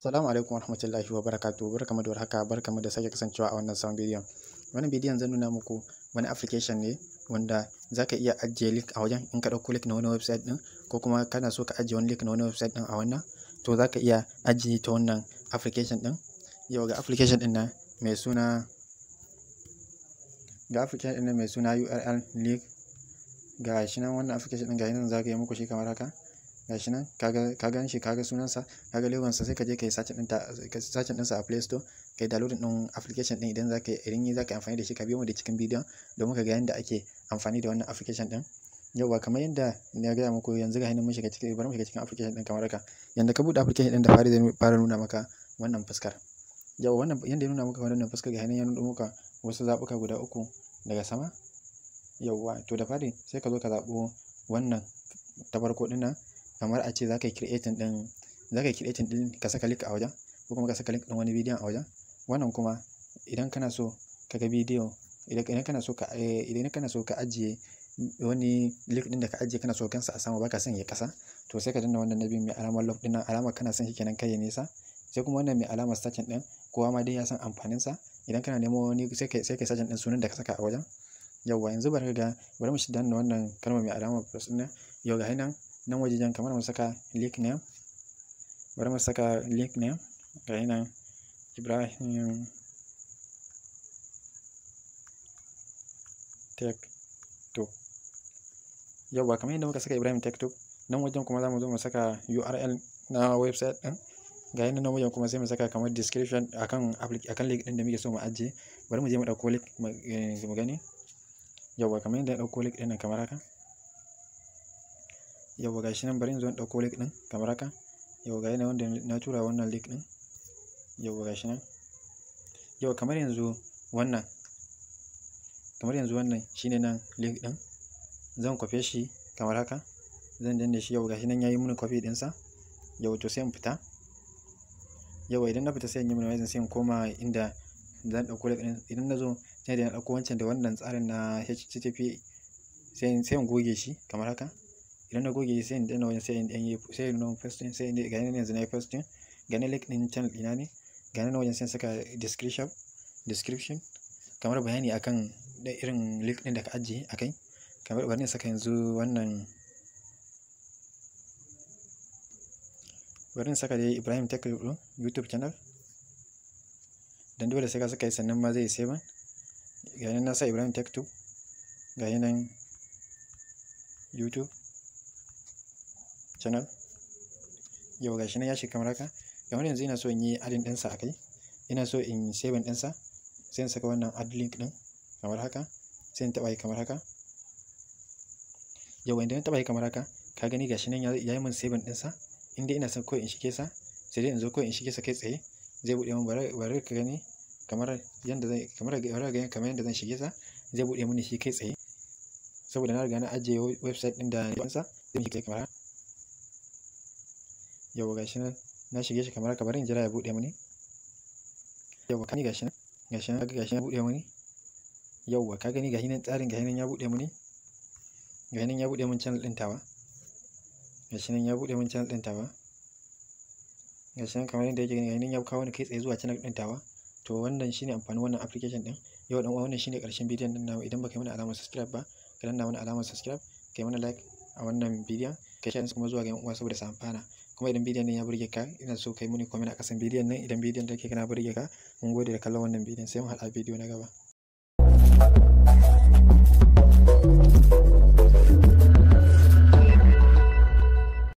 Assalamu alaikum warahmatullahi wabarakatuh barkamu da warhaka barkamu da sake kasancewa a wannan sound bidiyon wannan bidiyon zan nuna muku wani application ne wanda zaka iya ajiye link a wajen in ka dauko link na wani website din ko kuma kana so ka ajiye wani link na wani website din a wannan to zaka iya ajiye ta wannan application din yau ga application din nan mai suna ga application din nan mai suna URL link ga shi nan wannan application din ga nan zaka yi muku shi kamar haka gashi nan ka gan shi ka ga sunansa ka ga legonsa sai ka je ka yi sacin ɗinsa a play store ka yi downloading ɗin application ɗin idan za ka yi zaka amfani da shi ka biyo mu da cikin bidiyon domin ka ga yadda ake amfani da wannan application ɗin yauwa kamar yadda na gaya muku yanzu ga hannun mun shiga cikin bari mu shiga cikin application ɗin kamar haka yanda ka buɗe application ɗin da fari zai fara nuna maka wannan fuskar yauwa wannan yanda ya nuna maka wannan fuskar ga hannun ya nuna maka wasu zaɓuka guda uku daga sama yauwa to da fari sai ka zo ka zaɓo wannan ta farko ɗin nan kamar a ce za ka yi creating ɗin za ka yi creating ɗin ka saka link a wajen ko kuma ka saka link ɗin wani bidiyon a wajen wannan kuma idan kana so ka ga bidiyo idan kana so ka eh, idan kana so ka ajiye wani link ɗin da ka ajiye kana so kansa a sama baka son ya kasa to sai ka danna wannan na biyu mai alamar lock ɗin nan alamar kana son shi kenan kai nisa sai kuma wannan mai alamar searching ɗin kowa ma dai ya san amfanin sa idan kana nemo wani sai kai sai kai searching ɗin sunan da ka saka a wajen yawwa yanzu bari ga bari mu shi danna wannan kalmar mai alamar plus ɗin yau ga nan nan wajejen kamar mu saka link name bari mu saka link name ga nan ibrahim tech to yau ba kamar yadda muka saka ibrahim tech to nan wajen kuma zamu zo mu saka url na website din ga yadda nan wajen kuma sai mu saka kamar description akan akan link din da muke so mu ajiye bari mu je mu dauko link eh, mu gani yau ba kamar yadda dauko ɗauko link ɗin kamar haka yau ga shi nan bari in zo in ɗauko link ɗin kamar haka yau ga yana wanda na tura wannan link ɗin yau ga shi nan yau kamar yanzu wannan kamar yanzu wannan shine nan link ɗin zan kwafe shi kamar haka zan danne shi yau ga shi nan yayi mini kwafi ɗinsa yau to sai in fita yau idan na fita sai in yi minimizing sai in koma inda zan ɗauko link ɗin idan na zo sai da na ɗauko wancan da wannan tsarin na http sai in goge shi kamar haka idan na goge sai in danna wajen sai in yi sai in nuna posting sai in ga nan yanzu na yi posting ga nan link din channel ina ne ga nan wajen sai saka description description kamar bayani akan da irin link din da ka ajiye akai kamar bari saka yanzu wannan bari saka dai Ibrahim Tech YouTube channel dan dole sai ka saka yi sannan ma zai sai ba ga nan na sa Ibrahim Tech 2 ga nan YouTube channel yau gashi nan ya shiga kamar haka kamar yanzu ina so in yi adin ɗinsa a kai ina so in saving ɗinsa sai in saka wannan ad link ɗin kamar haka sai in taɓa yi kamar haka yau wanda na taɓa yi kamar haka ka gani gashi nan ya yi min saving ɗinsa inda ina son ko in shige sa sai dai in zo ko in shige sa kai tsaye zai buɗe min bari ka gani kamar yanda zan kamar kamar yanda zan shige sa zai buɗe mini shi kai tsaye saboda na riga na ajiye website ɗin da na sa zai yi kamar haka yau gashi nan na shige shi kamar haka bari in jira ya buɗe mini yau ka ni gashi nan gashi nan gashi ya buɗe mini yauwa ka gani gashi nan tsarin gashi nan ya buɗe mini gashi nan ya buɗe min channel ɗin tawa gashi nan ya buɗe min channel ɗin tawa gashi nan kamar yadda yake gani gashi nan ya kawo ni kai tsaye zuwa channel ɗin tawa to wannan shine amfanin wannan application ɗin yau dan uwa wannan shine ƙarshen bidiyon ɗin nawa idan baka yi mana alamar subscribe ba ka danna mana alamar subscribe yi mana like a wannan bidiyon kai share kuma zuwa ga yan uwa saboda su amfana kuma idan bidiyon nan ya burge ka ina so kai muni comment a kasan bidiyon nan idan bidiyon take kana burge ka mun gode da kallon wannan bidiyon sai mu haɗa bidiyo na gaba